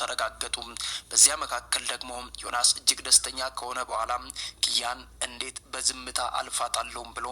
ተረጋገጡ። በዚያ መካከል ደግሞ ዮናስ እጅግ ደስተኛ ከሆነ በኋላ ክያን እንዴት በዝምታ አልፋታለሁም ብሎ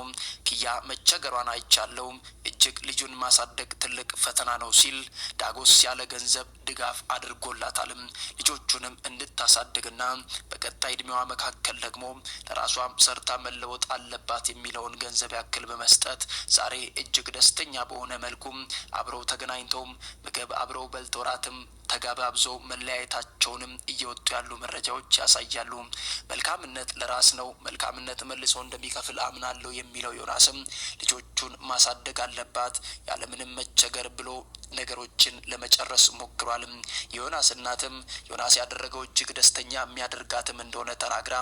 ክያ መቸገሯን አይቻለው። እጅግ ልጁን ማሳደግ ትልቅ ፈተና ነው ሲል ዳጎስ ያለ ገንዘብ ድጋፍ አድርጎላታልም። ልጆቹንም እንድታሳድግና በቀጣይ እድሜዋ መካከል ደግሞ ለራሷም ሰርታ መለወጥ አለባት የሚለውን ገንዘብ ያክል በመስጠት ዛሬ እጅግ ደስተኛ በሆነ መልኩም አብረው ተገናኝተውም ምግብ አብረው በልተው ራትም ተጋባብዘው መለያየታቸውንም እየወጡ ያሉ መረጃዎች ያሳያሉ። መልካምነት ለራስ ነው፣ መልካምነት መልሶ እንደሚከፍል አምናለሁ የሚለው ዮናስም ልጆቹን ማሳደግ አለባት ያለምንም መቸገር ብሎ ነገሮችን ለመጨረስ ሞክሯልም። የዮናስ እናትም ዮናስ ያደረገው እጅግ ደስተኛ የሚያደርጋትም እንደሆነ ተናግራ፣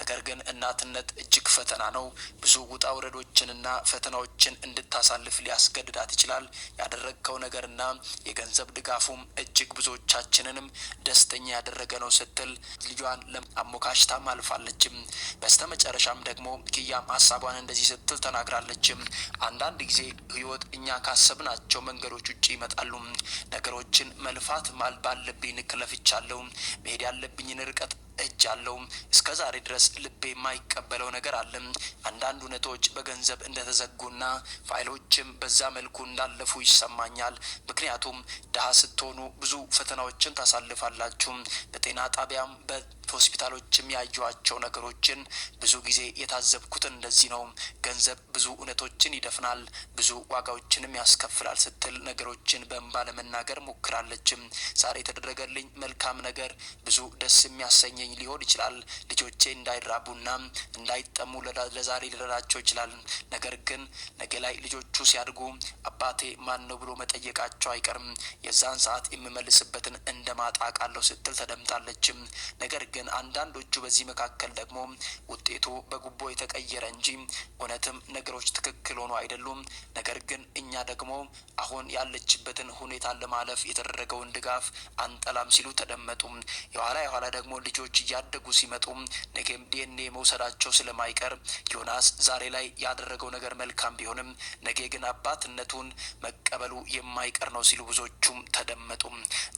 ነገር ግን እናትነት እጅግ ፈተና ነው፣ ብዙ ውጣ ውረዶችንና ፈተናዎችን እንድታሳልፍ ሊያስገድዳት ይችላል። ያደረግከው ነገርና የገንዘብ ድጋፉም እጅግ ብዙ ልጆቻችንንም ደስተኛ ያደረገ ነው ስትል ልጇን አሞካሽታም አልፋለችም። በስተ መጨረሻም ደግሞ ክያም ሀሳቧን እንደዚህ ስትል ተናግራለችም። አንዳንድ ጊዜ ህይወት እኛ ካሰብናቸው መንገዶች ውጭ ይመጣሉ። ነገሮችን መልፋት ማል ባለብኝ ንክለፍቻለሁ መሄድ ያለብኝን ርቀት እጅ አለውም። እስከ ዛሬ ድረስ ልቤ የማይቀበለው ነገር አለም። አንዳንድ እውነቶች በገንዘብ እንደተዘጉና ፋይሎችም በዛ መልኩ እንዳለፉ ይሰማኛል። ምክንያቱም ድሀ ስትሆኑ ብዙ ፈተናዎችን ታሳልፋላችሁ። በጤና ጣቢያም በሆስፒታሎችም ያዩዋቸው ነገሮችን ብዙ ጊዜ የታዘብኩትን እንደዚህ ነው። ገንዘብ ብዙ እውነቶችን ይደፍናል፣ ብዙ ዋጋዎችንም ያስከፍላል ስትል ነገሮችን በእንባ ለመናገር ሞክራለችም። ዛሬ የተደረገልኝ መልካም ነገር ብዙ ደስ የሚያሰኝ ስላገኘኝ ሊሆን ይችላል። ልጆቼ እንዳይራቡና እንዳይጠሙ ለዛሬ ሊረዳቸው ይችላል። ነገር ግን ነገ ላይ ልጆቹ ሲያድጉ አባቴ ማን ነው ብሎ መጠየቃቸው አይቀርም። የዛን ሰዓት የምመልስበትን እንደ ማጣቃለሁ ስትል ተደምጣለችም። ነገር ግን አንዳንዶቹ በዚህ መካከል ደግሞ ውጤቱ በጉቦ የተቀየረ እንጂ እውነትም ነገሮች ትክክል ሆኖ አይደሉም። ነገር ግን እኛ ደግሞ አሁን ያለችበትን ሁኔታ ለማለፍ የተደረገውን ድጋፍ አንጠላም ሲሉ ተደመጡ የኋላ የኋላ ደግሞ ልጆች እያደጉ ሲመጡ ነገም ዲኤንኤ መውሰዳቸው ስለማይቀር ዮናስ ዛሬ ላይ ያደረገው ነገር መልካም ቢሆንም ነገ ግን አባትነቱን መቀበሉ የማይቀር ነው ሲሉ ብዙዎቹም ተደመጡ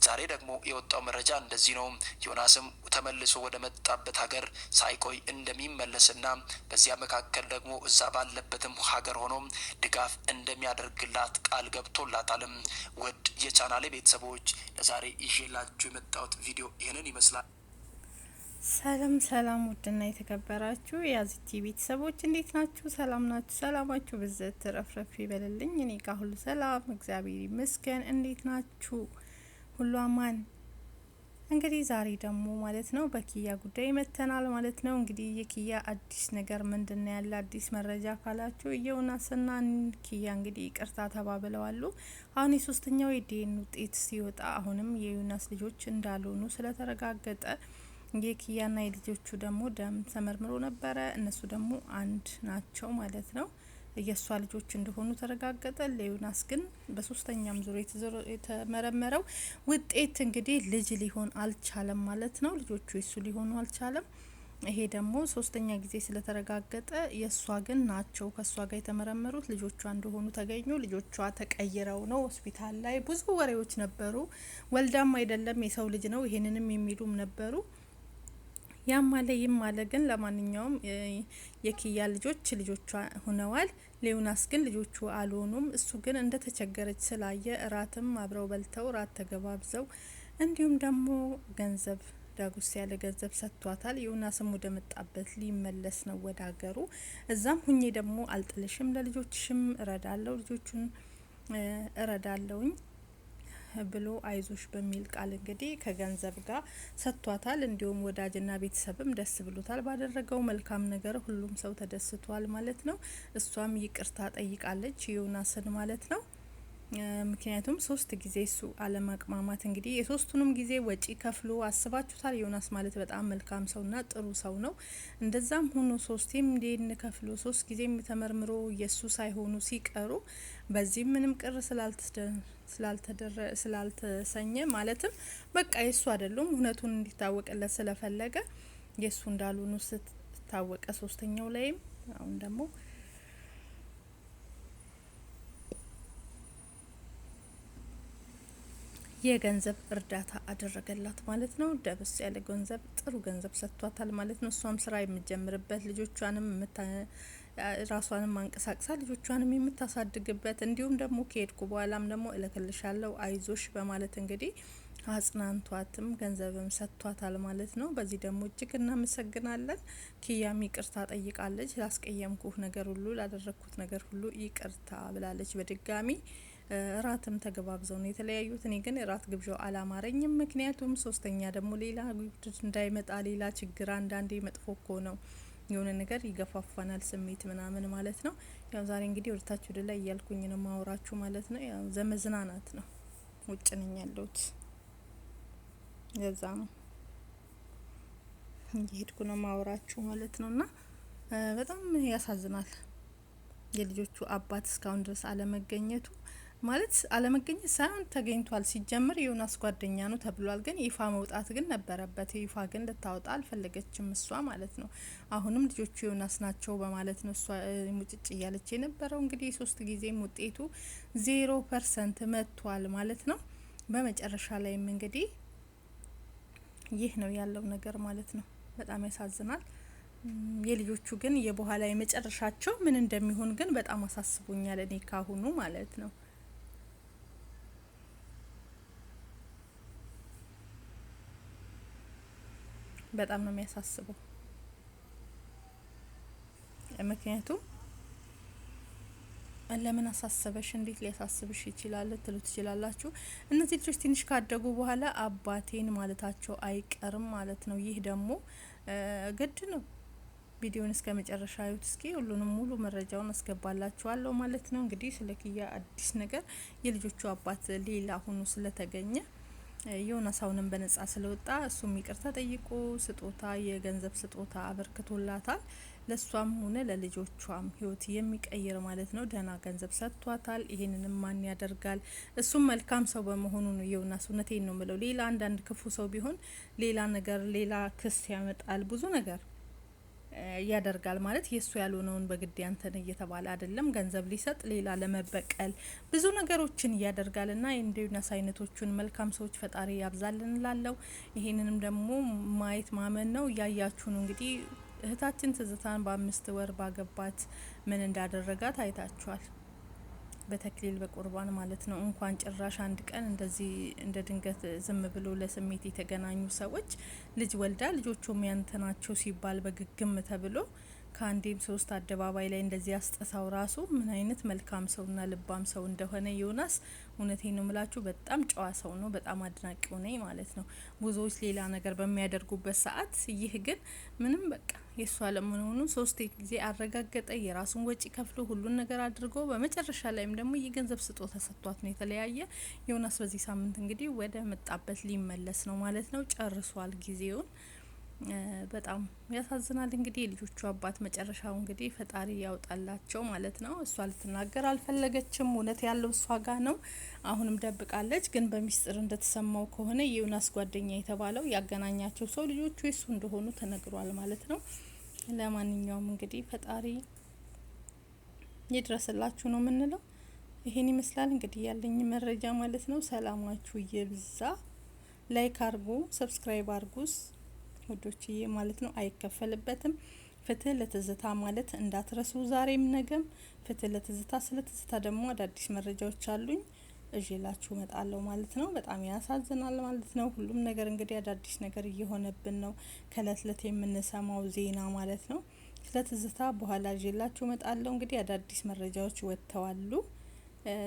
ዛሬ ደግሞ የወጣው መረጃ እንደዚህ ነው። ዮናስም ተመልሶ ወደ መጣበት ሀገር ሳይቆይ እንደሚመለስና በዚያ መካከል ደግሞ እዛ ባለበትም ሀገር ሆኖ ድጋፍ እንደሚያደርግላት ቃል ገብ ወጥቶላታልም። ውድ የቻናሌ ቤተሰቦች ለዛሬ ይዤላችሁ የመጣሁት ቪዲዮ ይህንን ይመስላል። ሰላም ሰላም፣ ውድና የተከበራችሁ የአዚቲ ቤተሰቦች እንዴት ናችሁ? ሰላም ናችሁ? ሰላማችሁ ብዘት ረፍረፍ ይበልልኝ። እኔ ጋር ሁሉ ሰላም፣ እግዚአብሔር ይመስገን። እንዴት ናችሁ? ሁሉ አማን እንግዲህ ዛሬ ደግሞ ማለት ነው በኪያ ጉዳይ መተናል ማለት ነው። እንግዲህ የኪያ አዲስ ነገር ምንድን ያለ አዲስ መረጃ ካላችሁ የዮናስና ኪያ እንግዲህ ይቅርታ ተባብለዋሉ። አሁን የሶስተኛው የዲኤን ውጤት ሲወጣ አሁንም የዩናስ ልጆች እንዳልሆኑ ስለተረጋገጠ የኪያና የልጆቹ ደግሞ ደም ተመርምሮ ነበረ። እነሱ ደግሞ አንድ ናቸው ማለት ነው። የእሷ ልጆች እንደሆኑ ተረጋገጠ። ለዮናስ ግን በሶስተኛም ዙር የተመረመረው ውጤት እንግዲህ ልጅ ሊሆን አልቻለም ማለት ነው። ልጆቹ የሱ ሊሆኑ አልቻለም። ይሄ ደግሞ ሶስተኛ ጊዜ ስለተረጋገጠ የእሷ ግን ናቸው ከእሷ ጋር የተመረመሩት ልጆቿ እንደሆኑ ተገኙ። ልጆቿ ተቀይረው ነው። ሆስፒታል ላይ ብዙ ወሬዎች ነበሩ። ወልዳም አይደለም የሰው ልጅ ነው ይሄንንም የሚሉም ነበሩ። ያም አለ ይም አለ ግን ለማንኛውም የኪያ ልጆች ልጆቿ ሆነዋል። ሌዮናስ ግን ልጆቹ አልሆኑም። እሱ ግን እንደ ተቸገረች ስላየ እራትም አብረው በልተው እራት ተገባብዘው እንዲሁም ደግሞ ገንዘብ ዳጉስ ያለ ገንዘብ ሰጥቷታል። ዮናስም ወደ መጣበት ሊመለስ ነው ወደ ሀገሩ። እዛም ሁኜ ደግሞ አልጥልሽም፣ ለልጆችሽም እረዳለሁ፣ ልጆቹን እረዳለሁኝ ብሎ አይዞሽ በሚል ቃል እንግዲህ ከገንዘብ ጋር ሰጥቷታል። እንዲሁም ወዳጅና ቤተሰብም ደስ ብሎታል። ባደረገው መልካም ነገር ሁሉም ሰው ተደስቷል ማለት ነው። እሷም ይቅርታ ጠይቃለች ዮናስን ማለት ነው። ምክንያቱም ሶስት ጊዜ እሱ አለማቅማማት እንግዲህ የሶስቱንም ጊዜ ወጪ ከፍሎ አስባችሁታል። ዮናስ ማለት በጣም መልካም ሰውና ጥሩ ሰው ነው። እንደዛም ሆኖ ሶስቴም እንዴን ከፍሎ ሶስት ጊዜም ተመርምሮ የእሱ ሳይሆኑ ሲቀሩ በዚህም ምንም ቅር ስላልተሰኘ ማለትም በቃ የእሱ አይደሉም እውነቱን እንዲታወቅለት ስለፈለገ የእሱ እንዳልሆኑ ስታወቀ ሶስተኛው ላይም አሁን ደግሞ የገንዘብ እርዳታ አደረገላት ማለት ነው። ደብስ ያለ ገንዘብ ጥሩ ገንዘብ ሰጥቷታል ማለት ነው። እሷም ስራ የምትጀምርበት ልጆቿንም ራሷንም ማንቀሳቀሳ ልጆቿንም የምታሳድግበት እንዲሁም ደግሞ ከሄድኩ በኋላም ደግሞ እልክልሻለሁ አይዞሽ በማለት እንግዲህ አጽናንቷትም ገንዘብም ሰጥቷታል ማለት ነው። በዚህ ደግሞ እጅግ እናመሰግናለን። ኪያም ይቅርታ ጠይቃለች። ላስቀየምኩህ ነገር ሁሉ ላደረግኩት ነገር ሁሉ ይቅርታ ብላለች በድጋሚ እራትም ተገባብዘው ነው የተለያዩት። እኔ ግን እራት ግብዣው አላማረኝም። ምክንያቱም ሶስተኛ ደግሞ ሌላ እንዳይመጣ ሌላ ችግር አንዳንዴ መጥፎ እኮ ነው የሆነ ነገር ይገፋፋናል፣ ስሜት ምናምን ማለት ነው። ያው ዛሬ እንግዲህ ወደታች ወደ ላይ እያልኩኝ ነው ማውራችሁ ማለት ነው። ያው ዘመዝናናት ነው። ውጭ ነኝ ያለሁት ለዛ ነው እየሄድኩ ነው ማውራችሁ ማለት ነው። እና በጣም ያሳዝናል የልጆቹ አባት እስካሁን ድረስ አለመገኘቱ ማለት አለመገኘት ሳይሆን ተገኝቷል። ሲጀምር የዮናስ ጓደኛ ነው ተብሏል፣ ግን ይፋ መውጣት ግን ነበረበት። ይፋ ግን ልታወጣ አልፈለገችም እሷ ማለት ነው። አሁንም ልጆቹ የዮናስ ናቸው በማለት ነው እሷ ሙጭጭ እያለች የነበረው። እንግዲህ ሶስት ጊዜም ውጤቱ ዜሮ ፐርሰንት መጥቷል ማለት ነው። በመጨረሻ ላይም እንግዲህ ይህ ነው ያለው ነገር ማለት ነው። በጣም ያሳዝናል። የልጆቹ ግን የበኋላ የመጨረሻቸው ምን እንደሚሆን ግን በጣም አሳስቦኛል እኔ ካሁኑ ማለት ነው። በጣም ነው የሚያሳስበው። ምክንያቱም ለምን አሳሰበሽ? እንዴት ሊያሳስብሽ ይችላል ትሉ ትችላላችሁ። እነዚህ ልጆች ትንሽ ካደጉ በኋላ አባቴን ማለታቸው አይቀርም ማለት ነው። ይህ ደግሞ ግድ ነው። ቪዲዮን እስከ መጨረሻ ዩት እስኪ። ሁሉንም ሙሉ መረጃውን አስገባላችኋለሁ ማለት ነው። እንግዲህ ስለ ኪያ አዲስ ነገር የልጆቹ አባት ሌላ ሁኑ ስለተገኘ የሆነ ሰውንም በነጻ ስለወጣ እሱም ይቅርታ ጠይቆ ስጦታ የገንዘብ ስጦታ አበርክቶላታል። ለእሷም ሆነ ለልጆቿም ህይወት የሚቀይር ማለት ነው። ደህና ገንዘብ ሰጥቷታል። ይሄንንም ማን ያደርጋል? እሱም መልካም ሰው በመሆኑ ነው። የውናስ እውነቴን ነው ምለው። ሌላ አንዳንድ ክፉ ሰው ቢሆን ሌላ ነገር ሌላ ክስ ያመጣል ብዙ ነገር ያደርጋል ማለት የእሱ ያልሆነውን በግድ ያንተን እየተባለ አይደለም። ገንዘብ ሊሰጥ ሌላ ለመበቀል ብዙ ነገሮችን እያደርጋል ና የእንዲሁነስ አይነቶቹን መልካም ሰዎች ፈጣሪ ያብዛልን ላለው ይሄንንም ደግሞ ማየት ማመን ነው። እያያችሁ ነው እንግዲህ እህታችን ትዝታን በአምስት ወር ባገባት ምን እንዳደረጋት አይታችኋል። በተክሊል በቁርባን ማለት ነው። እንኳን ጭራሽ አንድ ቀን እንደዚህ እንደ ድንገት ዝም ብሎ ለስሜት የተገናኙ ሰዎች ልጅ ወልዳ ልጆቹም ያንተ ናቸው ሲባል በግግም ተብሎ ከአንዴም ሶስት አደባባይ ላይ እንደዚህ አስጠሳው ራሱ ምን አይነት መልካም ሰውና ልባም ሰው እንደሆነ ዮናስ፣ እውነቴ ነው ምላችሁ በጣም ጨዋ ሰው ነው። በጣም አድናቂው ነኝ ማለት ነው። ብዙዎች ሌላ ነገር በሚያደርጉበት ሰዓት ይህ ግን ምንም በቃ የእሱ አለመሆኑን ሶስት ጊዜ አረጋገጠ። የራሱን ወጪ ከፍሎ ሁሉን ነገር አድርጎ በመጨረሻ ላይም ደግሞ የገንዘብ ስጦ ተሰጥቷት ነው የተለያየ። ዮናስ በዚህ ሳምንት እንግዲህ ወደ መጣበት ሊመለስ ነው ማለት ነው። ጨርሷል ጊዜውን በጣም ያሳዝናል። እንግዲህ የልጆቹ አባት መጨረሻው እንግዲህ ፈጣሪ ያውጣላቸው ማለት ነው። እሷ ልትናገር አልፈለገችም። እውነት ያለው እሷ ጋ ነው። አሁንም ደብቃለች። ግን በሚስጥር እንደተሰማው ከሆነ የዩናስ ጓደኛ የተባለው ያገናኛቸው ሰው ልጆቹ የሱ እንደሆኑ ተነግሯል ማለት ነው። ለማንኛውም እንግዲህ ፈጣሪ የድረስላችሁ ነው የምንለው። ይሄን ይመስላል እንግዲህ ያለኝ መረጃ ማለት ነው። ሰላማችሁ ይብዛ። ላይክ አርጉ፣ ሰብስክራይብ አርጉስ ወዶችዬ ማለት ነው። አይከፈልበትም። ፍትህ ለትዝታ ማለት እንዳትረሱ፣ ዛሬም ነገም። ፍትህ ለትዝታ። ስለ ትዝታ ደግሞ አዳዲስ መረጃዎች አሉኝ እላችሁ መጣለው ማለት ነው። በጣም ያሳዝናል ማለት ነው። ሁሉም ነገር እንግዲህ አዳዲስ ነገር እየሆነብን ነው፣ ከእለት እለት የምንሰማው ዜና ማለት ነው። ስለ ትዝታ በኋላ እላችሁ መጣለው እንግዲህ አዳዲስ መረጃዎች ወጥተዋሉ።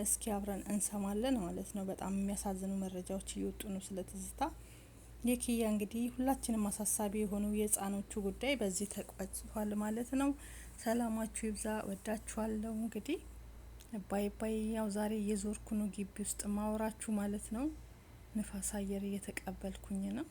እስኪ አብረን እንሰማለን ማለት ነው። በጣም የሚያሳዝኑ መረጃዎች እየወጡ ነው ስለ ትዝታ የኪያ እንግዲህ ሁላችንም አሳሳቢ የሆኑ የህፃኖቹ ጉዳይ በዚህ ተቋጭቷል ማለት ነው። ሰላማችሁ ይብዛ፣ ወዳችኋለሁ። እንግዲህ ባይ ባይ። ያው ዛሬ የዞርኩ ነው ግቢ ውስጥ ማውራችሁ ማለት ነው። ንፋስ አየር እየተቀበልኩኝ ነው።